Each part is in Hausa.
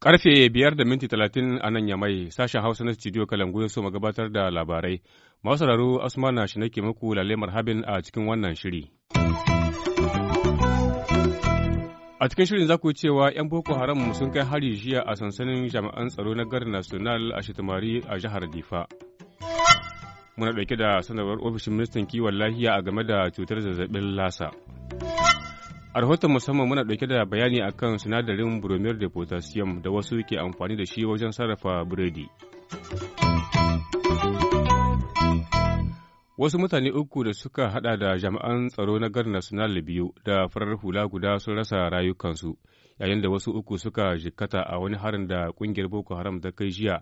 Karfe biyar da minti talatin a nan yamai sashen Hausa na studio Kalangu ya so gabatar da labarai. Masu sauraro Asmana shi nake muku lalemar habin a cikin wannan shiri. A cikin shirin za ku cewa 'yan Boko Haram sun kai hari jiya a sansanin jami'an tsaro na gar National a Shitamari a jihar Difa. Muna ɗauke da sanarwar ofishin ministan kiwon lafiya a game da cutar zazzabin lasa. A rahoton musamman muna ɗauke da bayani akan sinadarin bromide da potassium da wasu ke amfani da shi wajen sarrafa biredi. Wasu mutane uku da suka hada da jami'an tsaro na gar national biyu da farar hula guda sun rasa rayukansu, yayin da wasu uku suka jikata a wani harin da kungiyar Boko Haram ta kai jiya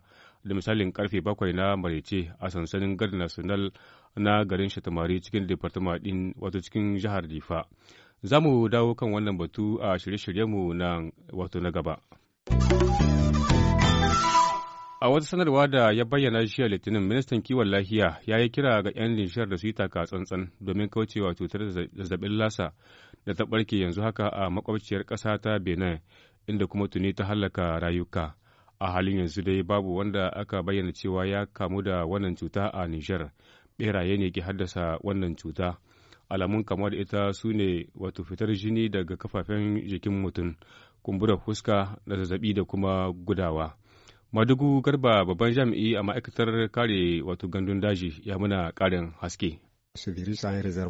da misalin karfe bakwai na marece a sansanin gar national na garin Shatamari cikin departama din wato cikin jihar Difa. Za mu dawo kan wannan batu a shirye-shiryenmu na wato na gaba. A wata sanarwa da ya bayyana jiya Litinin, ministan kiwon lafiya ya yi kira ga 'yan Nishar da su yi taka tsantsan domin kaucewa cutar zazzabin lasa da ta ɓarke yanzu haka a makwabciyar ƙasa ta Benin, inda kuma tuni ta hallaka rayuka. A halin yanzu dai babu wanda aka bayyana cewa ya kamu da wannan cuta a Nijar. Beraye ne ke haddasa wannan cuta. Alamun kamar ita su ne wato fitar jini daga kafafen jikin mutum, kumburar fuska da zazzabi da kuma gudawa. Madugu Garba babban jami'i a ma'aikatar kare wato gandun daji ya muna karin haske.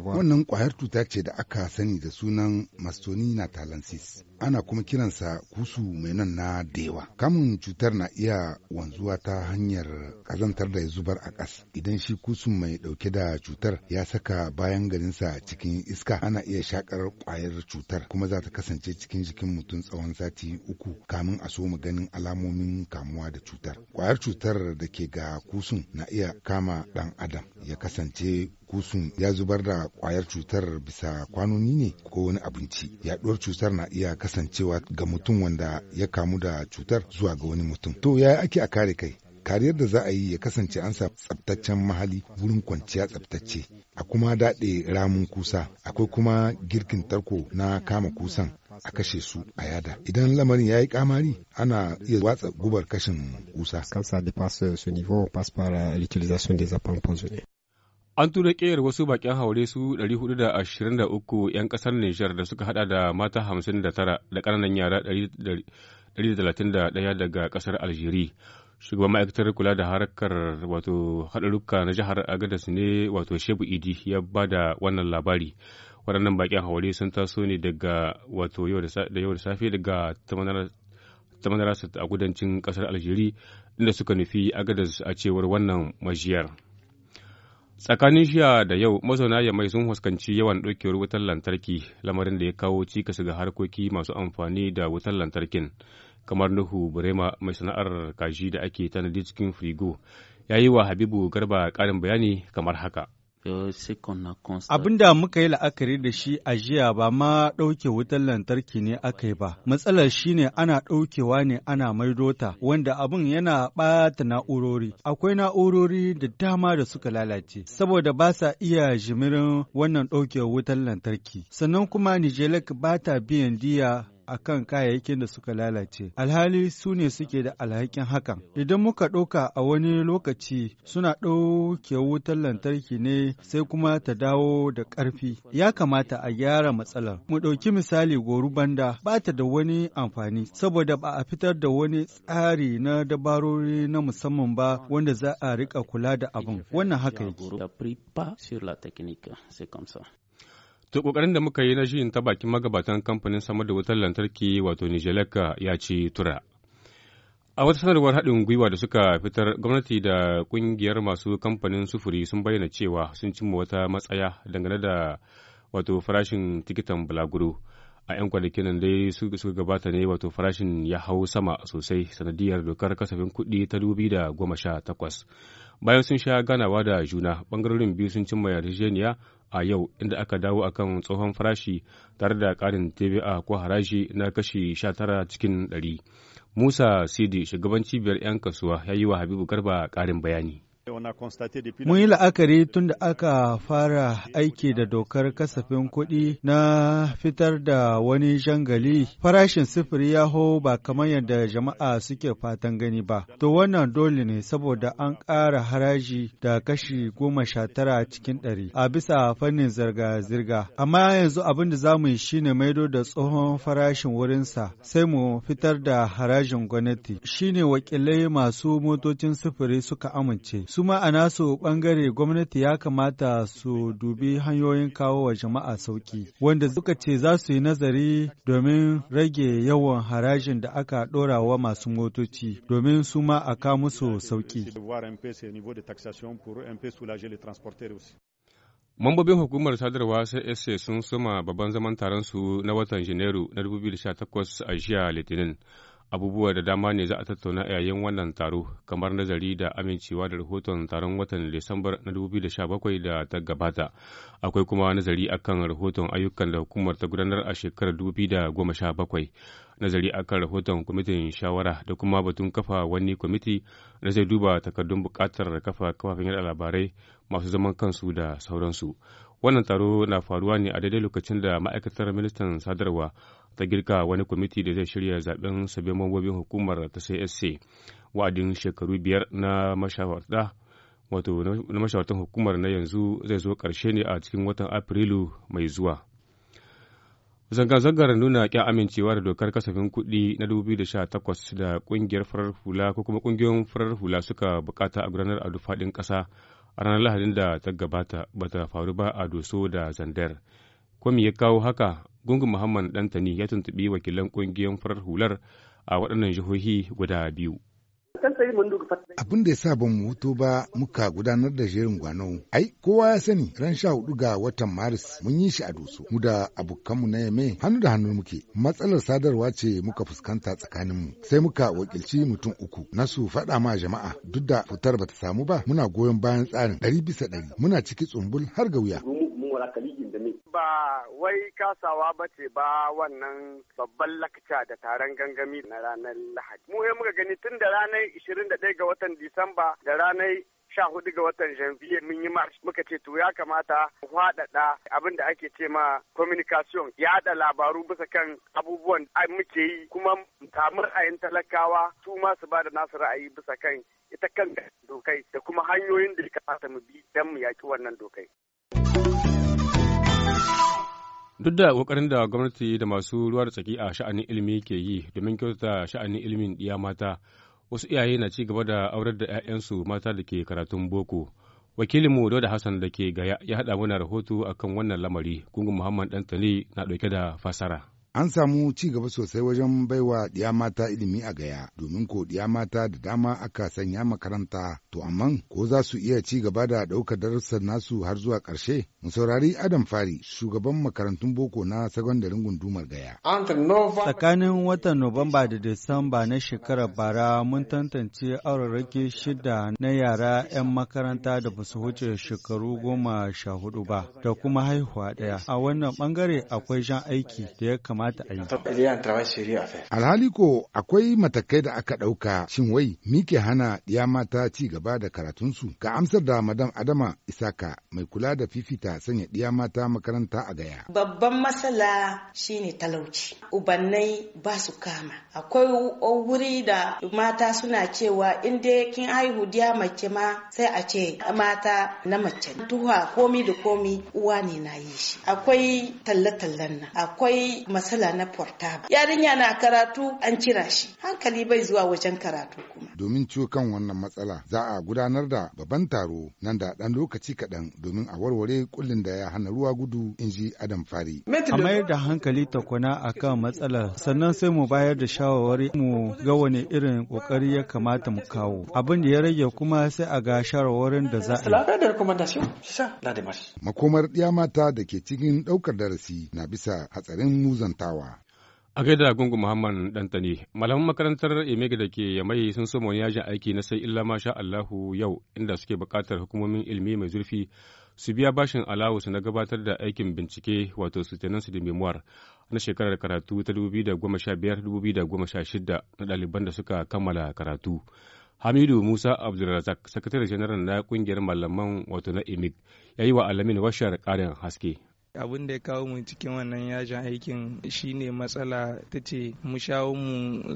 Wannan kwayar cuta ce da aka sani da sunan Mastonina talensis. ana kuma kiransa kusu mai nan na dewa. Kamun cutar na iya wanzuwa ta hanyar kazantar da ya zubar a ƙas. Idan shi kusu mai ɗauke da cutar ya saka bayan garinsa cikin iska ana iya shakar kwayar cutar kuma za ta kasance cikin jikin mutum tsawon sati uku kamin a so mu ganin alamomin kamuwa da cutar. kwayar cutar da ke ga kusun na iya kama ɗan adam ya kasance kusun ya zubar da kwayar cutar bisa kwanoni ne ko wani abinci. Yaɗuwar cutar na iya kasancewa ga mutum wanda ya kamu da cutar zuwa ga wani mutum to yaya ake a kare kai kariyar da za a yi ya kasance an sa tsabtaccen mahali wurin kwanciya tsabtacce a kuma daɗe ramin kusa akwai kuma girkin tarko na kama kusan a kashe su a yada idan lamarin ya yi kamari ana iya watsa gubar kashin kusa An tura ƙeyar wasu baƙin haure su 423 'yan ƙasar Nijar da suka haɗa da mata 59 da ƙananan yara 131 daga ƙasar Aljiri. Shugaban ma'aikatar kula da harkar wato haɗarurruka na jihar Agadas ne wato Shebu Idi ya ba da wannan labari. Waɗannan bakin haure sun taso ne daga wato yau da safe daga tamanar a kudancin ƙasar Aljiri inda suka nufi Agadas a cewar wannan majiyar. Tsakanin shiya da yau mazauna Yamai sun fuskanci yawan ɗaukewar wutar lantarki lamarin da ya kawo cikas ga harkoki masu amfani da wutar lantarkin kamar Nuhu Burema mai sana'ar kaji da ake tanadi cikin firigo ya yi wa Habibu Garba ƙarin bayani kamar haka. Abin da muka yi la'akari da shi a jiya ba ma ɗauke wutar lantarki ne aka yi ba. Matsalar shi ne ana ɗaukewa ne ana maido ta, wanda abin yana ɓata na'urori. Akwai na'urori da dama da suka lalace, saboda ba sa iya jimirin wannan ɗauke wutar lantarki. Sannan kuma Nijelek ba ta biyan diya a kan kayayyakin da suka lalace alhali su ne suke da alhakin hakan idan muka ɗauka a wani lokaci suna ɗauke wutar lantarki ne sai kuma ta dawo da ƙarfi ya kamata a gyara matsalar mu ɗauki misali goru banda ba ta da wani amfani saboda ba a fitar da wani tsari na dabarori na musamman ba wanda za a riƙa kula da abin wannan haka yake To kokarin da muka yi na shirin ta bakin magabatan kamfanin samar da wutar lantarki wato Nijeleka ya ci tura. A wata sanarwar haɗin gwiwa da suka fitar gwamnati da ƙungiyar masu kamfanin sufuri sun bayyana cewa sun cimma wata matsaya dangane da wato farashin tikitan bulaguro. a 'yan kwanakin nan dai suka gabata ne wato farashin ya hau sama sosai sanadiyar dokar kasafin kuɗi ta dubi goma sha takwas bayan sun sha ganawa da juna bangarorin biyu sun cimma yarjejeniya a yau inda aka dawo akan tsohon farashi tare da ƙarin tba ko haraji na kashi sha tara cikin ɗari musa sidi shugaban cibiyar 'yan kasuwa ya yi wa habibu garba ƙarin bayani Eh, Mun yi la'akari tun da aka fara aiki da dokar kasafin kuɗi na fitar da wani jangali farashin sifiri ya hau ba kamar yadda jama'a suke fatan gani ba. To wannan dole ne saboda an ƙara haraji da kashi goma sha tara cikin ɗari a bisa fannin zirga-zirga. Amma yanzu abin da za mu yi shi ne maido da tsohon farashin wurinsa sai mu fitar da harajin gwamnati. Shi ne wakilai masu motocin sufuri suka amince. su ma a nasu ɓangare gwamnati ya kamata su dubi hanyoyin kawo wa jama'a sauki wanda suka ce za su yi nazari domin rage yawan harajin da aka dora wa masu motoci domin su ma a kamu musu sauki. Mambobin hukumar sadarwa CSA sun suma babban zaman taron su na watan Janairu na 2018 a jiya Litinin. abubuwa da dama ne za a tattauna yayin wannan taro kamar nazari da amincewa da rahoton taron watan disambar na 2017 da ta gabata akwai kuma nazari akan rahoton ayyukan da hukumar ta gudanar a shekarar 2017 nazari akan rahoton kwamitin shawara da kuma batun kafa wani kwamiti da zai duba takardun bukatar kafa kafafen yada labarai masu zaman kansu da sauransu wannan taro na faruwa ne a daidai lokacin da ma'aikatar ministan sadarwa ta girka wani kwamiti da zai shirya zaben sabbin mambobin hukumar ta CSC wa'adin shekaru biyar na mashawarta wato na mashawartan hukumar na yanzu zai zo karshe ne a cikin watan Afrilu mai zuwa. Zanga-zangar nuna kya amincewa da dokar kasafin kuɗi na 2018 da ƙungiyar farar hula ko kuma ƙungiyoyin farar hula suka bukata a gudanar a faɗin ƙasa a ranar Lahadin da ta gabata ba ta faru ba a Doso da Zandar. kwami ya kawo haka gungun muhammad dantani ya tuntubi wakilan ƙungiyar farar hular a waɗannan jihohi guda biyu Abin da ya sa ban mu hutu ba muka gudanar da jerin gwano. Ai, kowa ya sani ran sha hudu ga watan Maris mun yi shi a dusu. Mu da abokanmu na yame hannu da hannu muke. Matsalar sadarwa ce muka fuskanta tsakanin mu Sai muka wakilci mutum uku. Na su faɗa ma jama'a duk da fitar bata samu ba muna goyon bayan tsarin ɗari bisa ɗari. Muna ciki tsumbul har ga wuya. ba wai kasawa ba ce ba wannan babban lakca da taron gangami na ranar Lahadi. Mu muka gani tun da ranar 21 ga watan Disamba da ranar sha hudu ga watan janvier mun yi march muka ce to ya kamata faɗaɗa abin da ake ce ma communication yaɗa labaru bisa kan abubuwan muke yi kuma tamar ra'ayin talakawa su ma su ba da nasu ra'ayi bisa kan ita kan dokai da kuma hanyoyin da ya kamata mu bi don mu yaƙi wannan dokai. Duk da kokarin da gwamnati da masu ruwa da tsaki a sha'anin ilimi ke yi domin kyautata sha'anin ilimin ɗiya mata, wasu iyaye na ci gaba da aurar da 'ya'yansu mata da ke karatun boko. Wakilinmu Dauda Hassan da ke gaya ya haɗa mana rahoto akan wannan lamari, gungun Muhammad ɗantali na ɗauke da fasara. An samu ci gaba sosai wajen baiwa ɗiya mata ilimi a gaya, domin ko ɗiya mata da dama aka sanya makaranta, to amma ko za su iya ci gaba da ɗaukar darussan nasu har zuwa ƙarshe? Mu saurari Adam Fari, shugaban makarantun boko na sagondarin gundumar gaya. Tsakanin watan Nuwamba da Disamba na shekarar bara mun tantance aurarake shida na yara 'yan makaranta da basu wuce shekaru goma sha hudu ba, da kuma haihuwa ɗaya. A wannan bangare akwai jan aiki da ya kamata kamata a yi. Alhali ko akwai matakai da aka ɗauka shin wai mike hana ɗiya mata ci gaba da karatunsu? ga amsar da Madam Adama Isaka mai kula da fifita sanya ɗiya mata makaranta a gaya. Babban matsala shine talauci. Ubannai ba su kama. Akwai wuri da mata suna cewa in dai kin haihu diya mace ma sai a ce mata na mace. tuha komi da komi uwa ne na yi shi. Akwai talle-tallen nan. Akwai masa matsala na ba yarinya na karatu an kira shi hankali bai zuwa wajen karatu kuma domin ciwo kan wannan matsala za a gudanar da babban taro nan da dan lokaci kaɗan domin a warware kullin da ya hana ruwa gudu in ji adam fari a mayar da hankali a kan matsalar sannan sai mu bayar da shawarwari mu ga wani irin kokari ya kamata mu kawo abin da ya rage kuma sai a ga shawarwarin da za a yi makomar ɗiya mata da ke cikin ɗaukar darasi na bisa hatsarin muzanta A gaida gungun Muhammad Dantani, malaman makarantar Emega da ke mai sun soma wani yajin aiki na sai illa ma sha Allahu yau inda suke buƙatar hukumomin ilmi mai zurfi su biya bashin alawus na gabatar da aikin bincike wato sutenansu da memoir na shekarar karatu ta 2015-2016 na ɗaliban da suka kammala karatu. Hamidu Musa Abdulrazak, sakataren janar na kungiyar malaman wato na EMIG, ya yi wa alamin washar ƙarin haske. abin da ya kawo mu cikin wannan yajin aikin shine matsala ta ce mu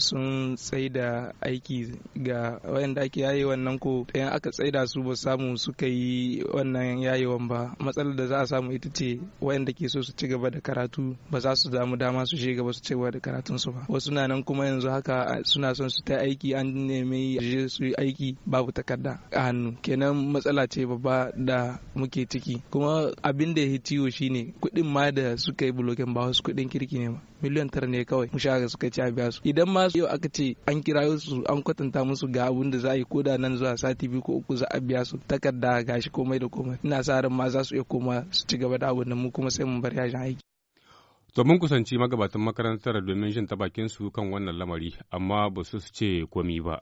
sun tsaida aiki ga wayanda ake yaye wannan ko ɗayan aka tsaida su ba samu suka yi wannan yayewan ba matsalar da za a samu ita ce wayanda ke so su ci gaba da karatu ba za su damu dama su shiga ba su ci gaba da karatun su ba wasu na nan kuma yanzu haka suna son su ta aiki an nemi je su yi aiki babu takarda a hannu kenan matsala ce babba da muke ciki kuma abin da ya ciwo shine kuɗin ma da suka yi bulokin ba wasu kuɗin kirki ne ma miliyan tara ne kawai mu shaka suka ci a biya su idan ma yau aka ce an kira su an kwatanta musu ga abun da za a yi ko da nan zuwa sati biyu ko uku za a biya su takarda gashi komai da komai ina sa ran ma za su iya koma su ci gaba da abun nan mu kuma sai mu bar yajin aiki domin kusanci magabatan makarantar domin jin ta bakin su kan wannan lamari amma ba su ce komi ba.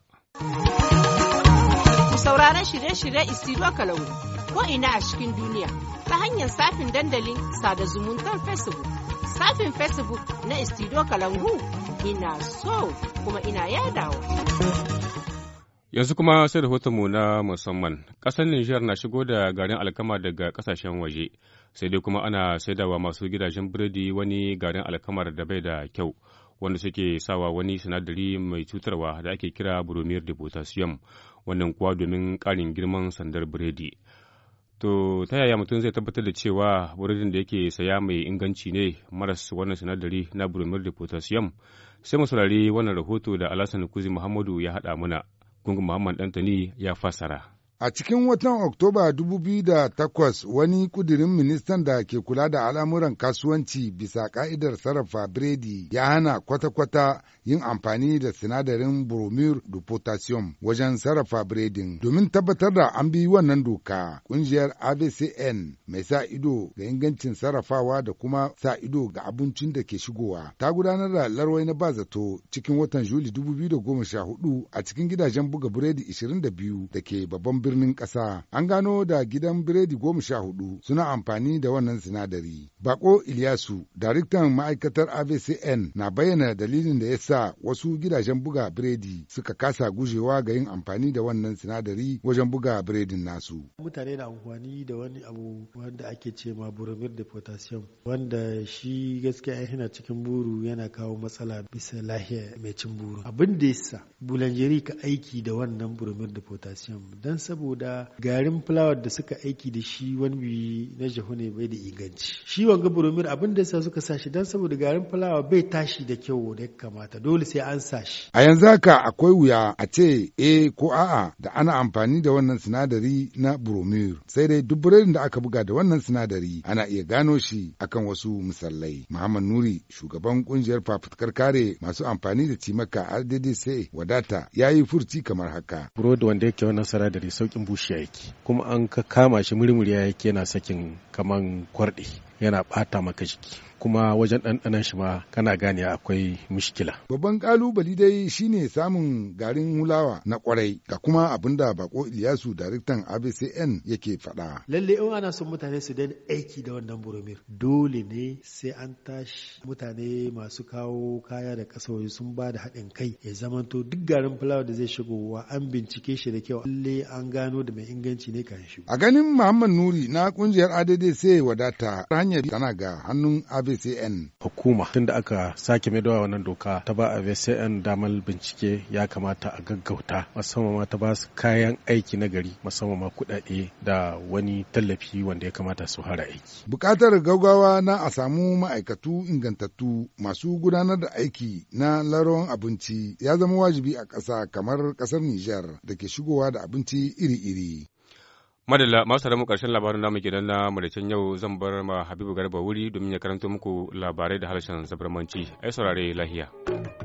Sauraron shirye-shirye Isidro Kalangu ko'ina a cikin duniya ta hanyar safin dandalin sada zumuntar Facebook. Safin Facebook na Istido Kalangu ina so kuma ina yadawa. Yanzu kuma sai rahotonmu na musamman, ƙasar Nijar na shigo da garin alkama daga ƙasashen waje, sai dai kuma ana saidawa masu gidajen biredi wani garin alkamar da bai da kyau. wanda suke sawa wani sinadari mai cutarwa da ake kira bromir da potassium wannan kuwa domin ƙarin girman sandar biredi To ta yaya mutum zai tabbatar da cewa wurin da yake saya mai inganci ne maras wannan sinadari na bromide da potassium? Sai mu saurari wannan rahoto da Alhassan Kuzi Muhammadu ya haɗa mana Gungun Muhammad ɗantani ya fassara. A cikin watan Oktoba 2008 wani kudirin ministan da ke kula da al'amuran kasuwanci bisa ka'idar sarrafa biredi ya hana kwata-kwata yin amfani da sinadarin Bromir da potassium wajen sarrafa biredin. Domin tabbatar da an bi wannan doka, ƙungiyar ABCN mai sa ido ga ingancin sarrafawa da kuma sa ido ga abincin da ke shigowa ta gudanar da larwai na bazato cikin watan Juli 2014 a cikin gidajen buga biredi 22 da ke babban birnin birnin ƙasa an gano da gidan biredi goma sha hudu suna amfani da wannan sinadari. Bako Ilyasu, daraktan ma'aikatar AVCN na bayyana dalilin da ya sa wasu gidajen buga biredi suka kasa gujewa ga yin amfani da wannan sinadari wajen buga biredin nasu. Mutane na amfani da wani abu wanda ake ce ma bromide da potassium wanda shi gaskiya yana cikin buru yana kawo matsala bisa lahiya mai cin buru. Abin da ya yasa bulanjeri ka aiki da wannan bromide da potassium don saboda saboda garin fulawar da suka aiki da shi wani bi na jahu ne bai da inganci shi wanga buromir abin da yasa suka sa shi dan saboda garin fulawa bai tashi da kyau da ya kamata dole sai an sa shi a yanzu haka akwai wuya a ce eh ko a'a da ana amfani da wannan sinadari na buromir sai dai duk da aka buga da wannan sinadari ana iya gano shi akan wasu misalai muhammad nuri shugaban kungiyar fafutukar kare masu amfani da cimaka rddc wadata ya yi furci kamar haka burodi wanda yake wannan sinadari saukin bushiya yake kuma an ka kama shi murmuriya yake yana sakin kaman kwarɗe yana bata maka jiki kuma wajen ɗanɗanon shi ma kana gane akwai mushkila. Babban kalubali dai shine samun garin hulawa na kwarai ga kuma abin da bako Iliyasu daraktan ABCN yake faɗa. Lalle in ana son mutane su daina aiki da wannan buromir dole ne sai an tashi mutane masu kawo kaya da kasawai sun ba da haɗin kai ya zamanto duk garin fulawa da zai shigowa an bincike shi da kyau lalle an gano da mai inganci ne kan shi. A ganin Muhammad Nuri na kungiyar ADD sai wadata ta hanyar hanyar tana ga hannun ABCN. Hukuma tun da aka sake mai maidawa wannan doka ta ba ABCN damar bincike ya kamata a gaggauta musamman ma ta ba su kayan aiki na gari musamman ma kuɗaɗe da wani tallafi wanda ya kamata su hara aiki. Bukatar gaugawa na a samu ma'aikatu ingantattu masu gudanar da aiki na laron abinci ya zama wajibi a ƙasa kamar ƙasar Nijar da ke shigowa da abinci iri-iri. Madalla masu mu karshen labarin namu gidan na maraicen yau zan bar ma Habibu Garba wuri domin ya karanto muku labarai da harshen zabarmanci. Ai saurare lahiya.